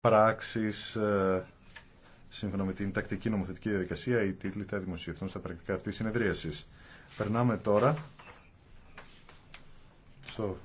πράξεις ε, σύμφωνα με την τακτική νομοθετική διαδικασία οι τίτλοι θα δημοσιευθούν στα πρακτικά αυτής της συνεδρίασης. Περνάμε τώρα στο